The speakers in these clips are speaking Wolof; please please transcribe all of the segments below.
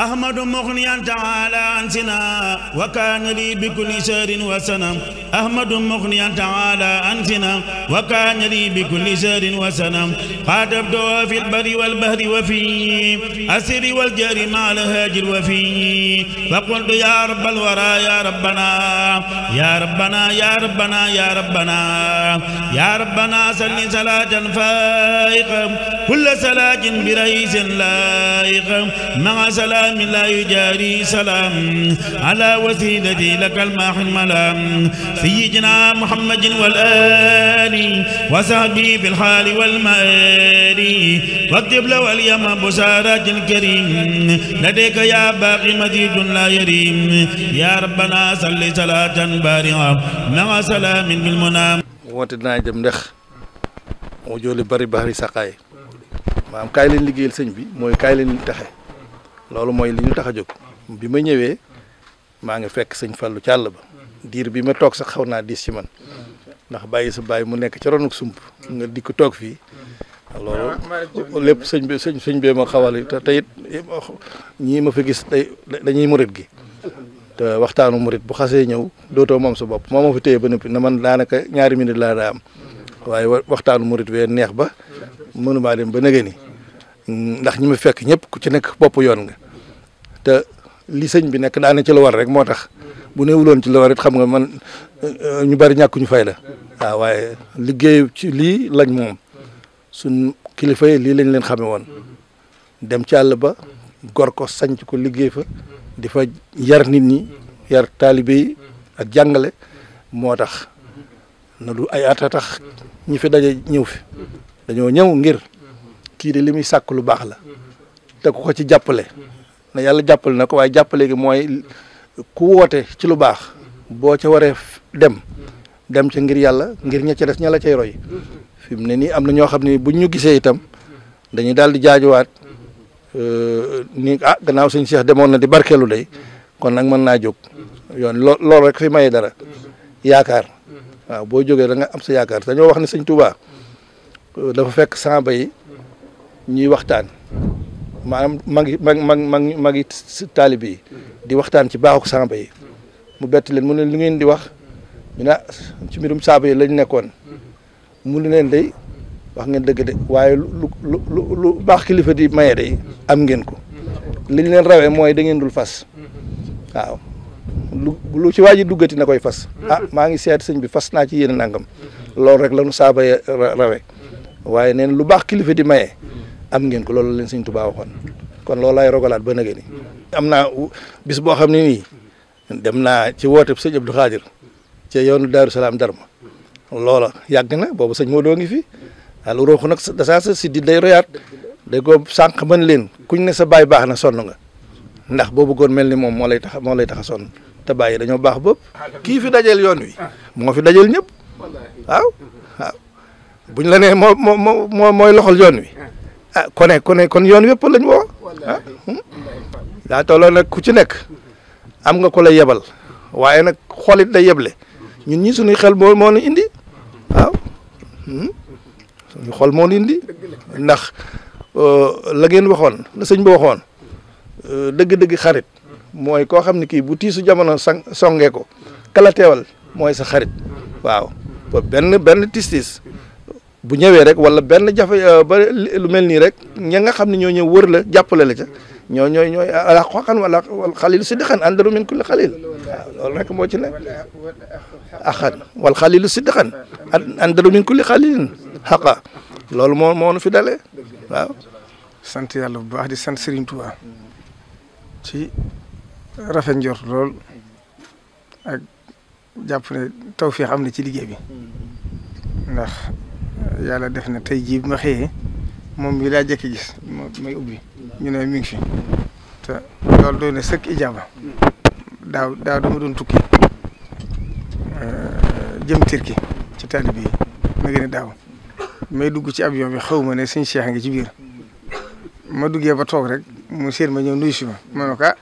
أحمد مغنيا تعالى عن سنا وكان لي بكل شر وسنا أحمد مغنيا تعالى عن سنا وكان لي بكل شر وسنا خاطبته في البر والبهر وفي أسري والجار مع الهاجر وفي فقلت يا رب الورى يا ربنا يا ربنا يا ربنا يا ربنا يا ربنا سل صلاة فائقة كل صلاة برئيس لائق مع صلاة سلام لا يجاري سلام على وسيلتي لك الماح الملام سيدنا محمد والآل وصحبه في الحال والمآل واكتب له اليم بشارات الكريم لديك يا باقي مزيد لا يريم يا ربنا صل صلاة بارعة مع سلام بالمنام woote dinaa jëm ndex moo jooli bari bari saqaay maam kaay leen liggéeyal sëñ bi mooy kaay leen texe loolu mooy li ñu tax a jóg bi ma ñëwee maa ngi fekk sëñ Fallou càll ba diir bi ma toog sa xaw naa diis ci man ndax bàyyi sa bàyyi mu nekk ca ronuk sump nga dikk toog fii loolu lépp sëñ bi sëñ sëñ bee ma xawal te teyit ñii ma fa gis tey dañuy murit gi te waxtaanu murit bu xasee ñëw dootoo moom sa bopp moom ma fa téye ba noppi na man daanaka ñaari minute laa daa am waaye waxtaanu murit wee neex ba mënumaa dem ba nëgë ni ndax ñi mu fekk ñëpp ku ci nekk bopp yoon nga te li sëñ bi nekk daana ci la war rek moo tax bu néewuloon ci la war xam nga man euh, ñu bari ñàkkuñu fay la waaye liggéey ci lii lañ moom suñ kilifa yi lii lañ leen xame woon dem ci àll ba gor ko sanc ko liggéey fa di fa yar nit ñi yar taalibe ak jàngale moo tax na du ay at a tax ñi fi daje ñëw fi dañoo ñëw ngir kii de li muy sàkk lu baax la te ku ko ci jàppale na yàlla jàppale na ko waaye jàppale gi mooy ku woote ci lu baax boo ca waree dem dem ca ngir yàlla ngir ña ca des ña la cay roy mu ne nii am na ñoo xam ne bu ñu gisee itam dañuy daal di jaajuwaat euh, ni ah gannaaw suñ seex demoon na di barkeelu day kon nag mën naa jóg yoon loo loolu rek fi maye dara yaakaar waaw boo jógee da am sa yaakaar dañoo wax ne sëñ Tuubaa dafa fekk saaba yi ñuy waxtaan maanaam magi mag mag mag magi taalib yi di waxtaan ci baaxuk saaba yi mu bett leen mu ne lu ngeen di wax ñu ne ci mbirum saaba yi lañ nekkoon mu ne leen day wax ngeen dëgg de waaye lu lu lu baax kilifa di maye day am ngeen ko li ñu leen rawee mooy da ngeen dul fas waaw lu lu ci waa ji duggati na koy fas ah maa ngi seet sëñ bi fas naa ci yéen nangam loolu rek la nu saaba rawee waaye neen lu baax kilifa di maye am ngeen ko loolu leen sëñ Tuubaa waxoon kon loolu laay rogalaat ba nage ni am naa bis boo xam ne nii dem naa ci woote sëñ Abdou Khadir ci yoonu Daaru Salaam Darma loola yàgg na boobu sëñ Modou ngi fi alu roxu nag dasaa sa si di day royaat da ko sànq mën leen kuñ ne sa baay baax na sonn nga ndax boo bëggoon mel ni moom moo lay tax moo lay tax a te bàyyi dañoo baax bëpp kii fi dajeel yoon wi moo fi dajeel ñëpp waaw buñ la ne moo moo moo mooy loxol yoon wi ah kone ne ne kon yoon wépp lañ woo ah hmm? daa tolloo nag ku ci nekk am nga ko la yebal waaye nag xoolit day yeble ñun ñi suñuy xel moo moo indi waaw hmm? suñu xol moo ñu indi ndax euh, la ngeen waxoon la sëñ bi waxoon euh, dëgg-dëgg xarit mooy koo xam ne kii bu tiisu jamono sang songee ko kala teewal mooy sa xarit waaw benn benn tis tis bu ñëwee rek walla benn jafe euh, ba lu mel nii rek ña nga xam ne ñoo ñëw wër la jàppale la ca ñoo ñooy ñooy ala xooxan wala xalilu siddiqan andaru min kulli xalil waaw rek moo ci ne axan wal xalilu siddiqan andaru min kulli xalilin xaqa loolu moo moo nu fi dalee sant yàlla bu baax di sant Serigne Touba ci rafet njort lool ak ne tawfeex am na ci liggéey bi ndax yàlla def na tey jii bi ma xëyee moom mi laa jëkk gis may ubbi ñu ne mi ngi fi te loolu doy na sëkk ijaaba daaw daaw dama doon tukki euh, jëm Turquie ci taalibe yi ma gën a daaw may dugg ci avion bi xaw ma ne siñ Cheikh ngi ci biir ma duggee ba toog rek mu séen ma ñëw nuyu si ma ma ne ko ah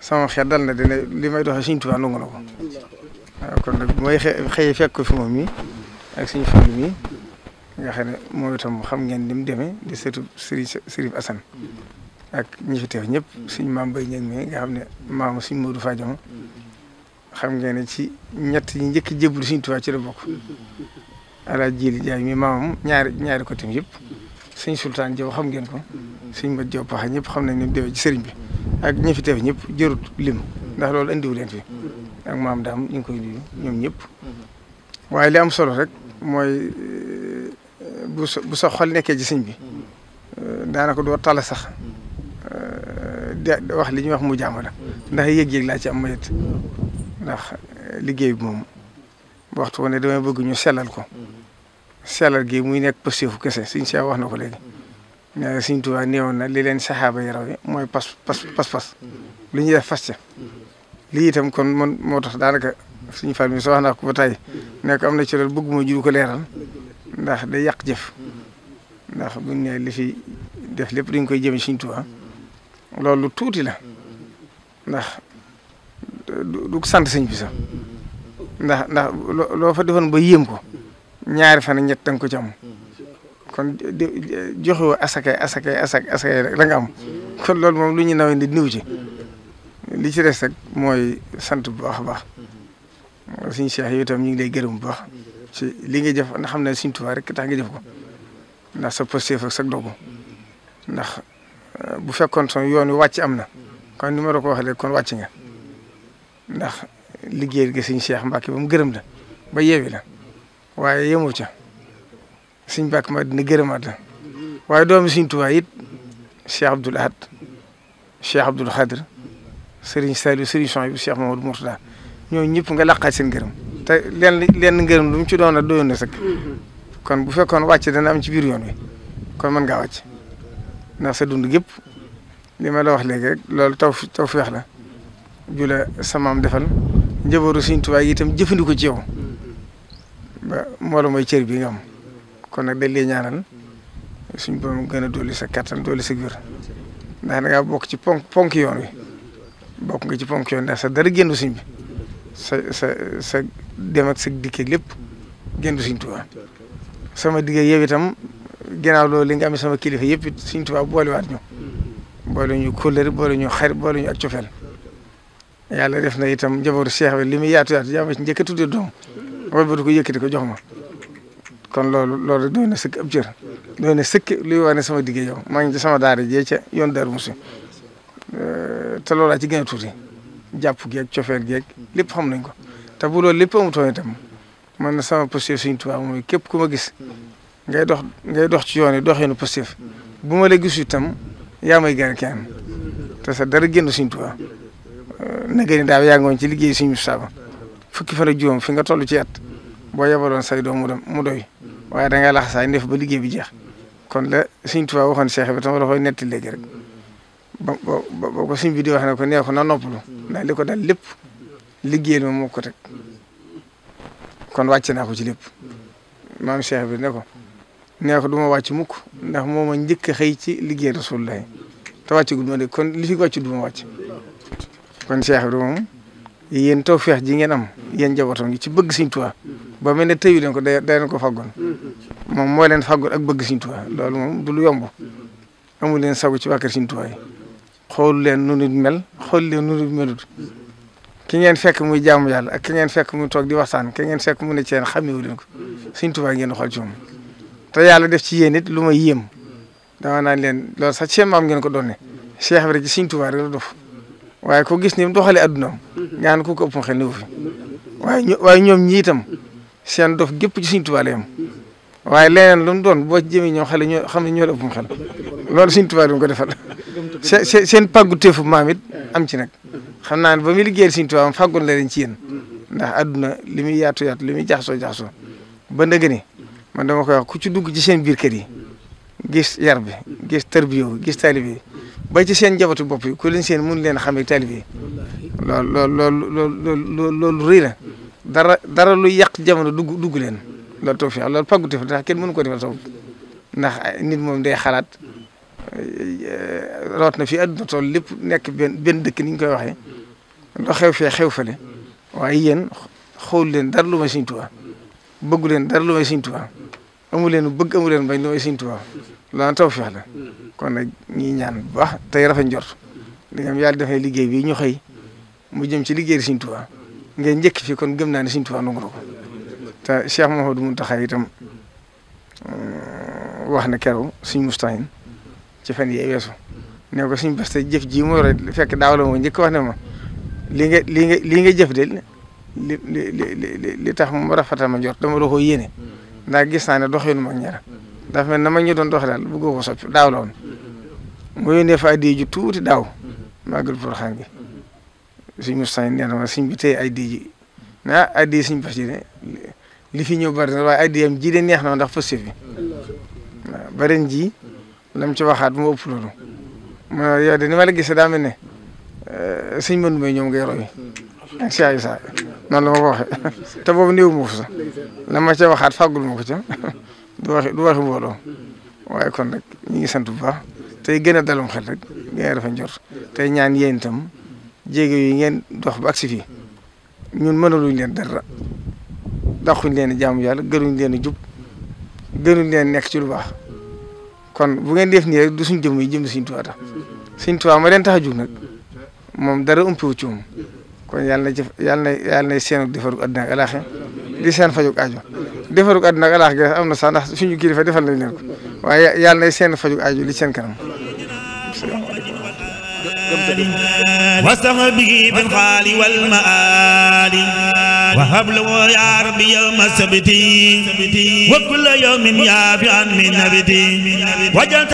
sama xel dal na dina li may doxe Sëñ Tuubaa nangu na ko kon nag bu may xëyee fekk ko fi moom mi ak suñu famille mi nga xam ne moom itam xam ngeen ni mu demee di sëtu Serigne Serigne Assane ak ñi ñëpp suñ maam Baye Niang mi nga ne maamu suñ Modou Fadiama xam ngeen ne ci ñett ñi njëkk a suñ Tuubaa ci la ala jili jaay mi maamam ñaari ñaari côté yëpp suñ sultaan Jaw xam ngeen ko suñ mat Jaw ñëpp xam nañ ni mu ci sëriñ bi ak ñi fi teew ñëpp jërut lim ndax loolu andiwu leen fi ak maam daam ñu ngi koy nuyu ñoom ñëpp waaye li am solo rek mooy bu sa bu sa xol nekkee ci sëñ bi euh, daanaka doo tala sax euh, de wax li ñuy wax mu jaamu la ndax yëg-yëg laa ci am mayet ndax liggéey bi moom waxtu ko ne damay bëgg ñu sellal ko sellal gi muy nekk fu kese suñ Cheikh wax na ko léegi ne sëñ Tuubaa néewoon na li leen saxaaba yi raw yi mooy pas pas pas pas li ñuy def fas ca lii itam kon man moo tax daanaka suñ fan mi sa wax naa ko ba tey nekk am na ci loolu bëgguma jur ko leeral ndax day yàq jëf mm-hmm. ndax bu ne li fi def lépp dañ koy jëme Sëñ Tuubaa mm-hmm. loolu tuuti la mm-hmm. ndax du sant sëñ bi sax ndax ndax loo fa defoon ba yéem ko ñaari fan ñett danga ko ci am kon joxe woo asakay asakay asakay asakay rek la am kon loolu moom lu ñu nawee di niw ci li ci des rek mooy sant bu baax a baax suñu Cheikh yow itam ñu ngi lay gërëm bu baax ci li nga jëf ndax xam ne Sëriñ Tuubaa rek tax nga ko ndax sa posté fa sa dogu ndax euh, bu fekkoon son yoon wi wàcc am na kon ni ma la ko waxee kon wàcc nga ndax liggéeyal nga Sëriñ Cheikh Mbacke ba mu gërëm la ba yeewi la waaye yemoo ca Sëriñ Mbacke ma dina gërëmaat la waaye doomi Sëriñ Tuubaa it Cheikh Abdoul Ahad Cheikh Abdoul Khadr Serigne Saliou Serigne Souhaïbou Cheikh Mamadou Mourtada ñoo ñëpp nga laqaat seen gërëm te lenn lenn ngërëm lu mu ci doon a doyoon na mm-hmm. kon bu fekkoon wàcc dana am ci biir yoon wi kon mën ngaa wàcc ndax sa dund gépp li ma la wax léegi loolu taw taw feex la ju la sa maam defal njabootu Sëriñ Tuubaa itam jëfandikoo ci yow mm-hmm. ba mooy cër bi nga am kon nag dañ lay ñaanal suñ borom gën a dolli sa kattan dolli sa wér ndax da ngaa bokk ci ponk ponk yoon wi bokk nga ci ponk yoon ndax sa dara génn suñ bi sa sa sa dem ak lépp gën du Sëriñ Tuubaa sama digg yow itam ginnaaw loolu li nga am sama kilifa yëpp it Sëriñ Tuubaa boolewaat ñu boole ñu kóllëre boole ñu xarit boole ñu ak cofeel yàlla def na itam njabootu Cheikh bi li muy yaatu yaatu jàmm njëkk a tuddee doom wala ko ko jox ma kon loolu loolu doy na sëkk ab cër doy na sëkk luy wane sama digg yow maa ngi ci sama daara jee ca yoon Darou Moussi te loolaa ci gën a tuuti. jàpp geeg cofeel geeg lépp xam nañ ko te bu loolu lépp amutoon tam man na sama positif suñu tubaab mooy képp ku ma gis ngay dox ngay dox ci yoon yi doxinu positif bu ma la gisu tam yaa may gën kenn te sa dara génn suñu tubaab euh, nag ni daaw yaa ngoon ci liggéey suñu saaba fukki fan a juróom fi nga toll ci at boo yebaloon say doom mu dem mu doy waaye da ngay lax saay ndef ba liggéey bi jeex kon la suñu tubaab waxoon Cheikh bi tam la fooy netti léegi rek. ba ba ba ko suñ di wax ne ko nee ko na noppalu ndax li ko dal lépp liggéeyal ma moo ko teg kon wàcce naa ko ci lépp maam Cheikh bi ne ko nee ko du ma wàcc mukk ndax moo ma njëkk a xëy ci liggéey Rasulullahi te wàcc gu ma de kon li fi wàcc du kon Cheikh bi moom yéen tawfeex ji ngeen am yéen njabootam gi ci bëgg Sëñ ba mel ne tëyu leen ko day ko faggoon moom moo leen faggoon ak bëgg Sëñ Tuubaa loolu moom du lu yomb amul leen sago ci waa kër Sëñ Tuubaa xool leen nu nit mel xool leen nu melut ki ngeen fekk muy jaamu yàlla ak ki ngeen fekk muy toog di waxtaan ki ngeen fekk mu ne ci yéen xamewu leen ko Sëñ Tuubaa ngeen xool ci moom te yàlla def ci yéen it lu ma yéem dama naan leen loolu sax seen maam ngeen ko doon ne Cheikh bi rek ci waaye ko gis ni mu doxalee addunaam nga ko ëpp fi waaye ño waaye ñoom ñii seen dof gépp ci Sëñ Tuubaa waaye leneen lu doon boo jëmee ñoom xale ñoo xam ne ñoo la xel loolu Sëñ Tuubaa du ko defal seen seen pàggu teefu maam am ci nag xam naa ne ba muy liggéeyal Sëriñ Tuubaa fàggoon la leen ci yéen ndax àdduna li muy yaatu yaatu li muy jaxasoo jaxasoo ba ndëgg ni man dama koy wax ku ci dugg ci seen biir kër yi gis yar bi gis tarbiyoo gis taalibe yi ba ci seen njabootu bopp yi ku leen seen mun leen xam ak taalibe yi loolu loolu loolu loolu loolu rëy na dara dara lu yàq jamono dugg dugg leen loolu tawfeex loolu pàggu teef ndax kenn mënu ko defal sa ndax nit moom day xalaat root na fi àdduna tool lépp nekk benn dëkk ni koy waxee loo xew fee xew fale waaye yéen xool leen dara lu may Sëriñ Tuubaa leen dara lu may Sëriñ Tuubaa leen bëgg amu leen bañ lu may Sëriñ Tuubaa loolu tawfeex la kon nag ñi ñaan bu te tey rafet njort da ngeen yàlla defee liggéey bi ñu xëy mu jëm ci liggéey Sëriñ Tuubaa ngeen njëkk fi kon gëm naa ne Sëriñ Tuubaa nangu ko te Cheikh Mouhamadou Mountakha itam mm, wax na keroog Sëriñ Moustahine ci fan yii weesu ne ko suñ ji mu yore fekk daaw la moo njëkk wax ne ma lii nga li nga li nga jëf de li li li li tax mu rafetal ma jot dama la ko yéene ndax gis naa ne doxalinu mag ñaar dafa mel na ma ñu doon dox daal bëggoo ko soppi daaw la woon mu yónnee fa addi ju tuuti daaw màggal Porokhane gi suñ Moussa nee na ma suñ bi tey addi ji ah addi suñ ne li fi ñëw bari na addi yam ji de neex na ndax fas fi waaw baren lam ci waxaat mu ëpp loolu ma yow de ni ma la gisee daa mel ne eh, sëñ Mandou Mbaye ñoom ngay roy ak Cheikh Issa noonu la ma ko boobu néew ma ko sax la ma ca waxaat fàggul ma ko ca du waxi du waxi mbooloo kon nag ñu ngi sant bu baax tey gën a dalum xel rek gën a dafa njort tey ñaan yéen itam jéego yi ngeen dox ba fi ñun mënaluñ leen dara daxuñ leen jaamu yàlla gënuñ leen jub gën leen nekk ci lu baax. kon bu ngeen def nii rek du suñ jëm yi jëm suñ Tuubaa tax suñ Tuubaa ma leen tax a jug nag moom dara umpiwu ci moom kon yàlla na jëf yàlla na yàlla na seen defarug àddina ak alaaxe di seen fajug aajo defarug àddina ak alaax gi am na sax ndax suñu kilifa defal nañ waaye yàlla na seen fajug aajo li seen kanam wasahbi bil xaali wal maali وهب له يا رب يوم السبت وكل يوم يافي عن من نبتي وجلت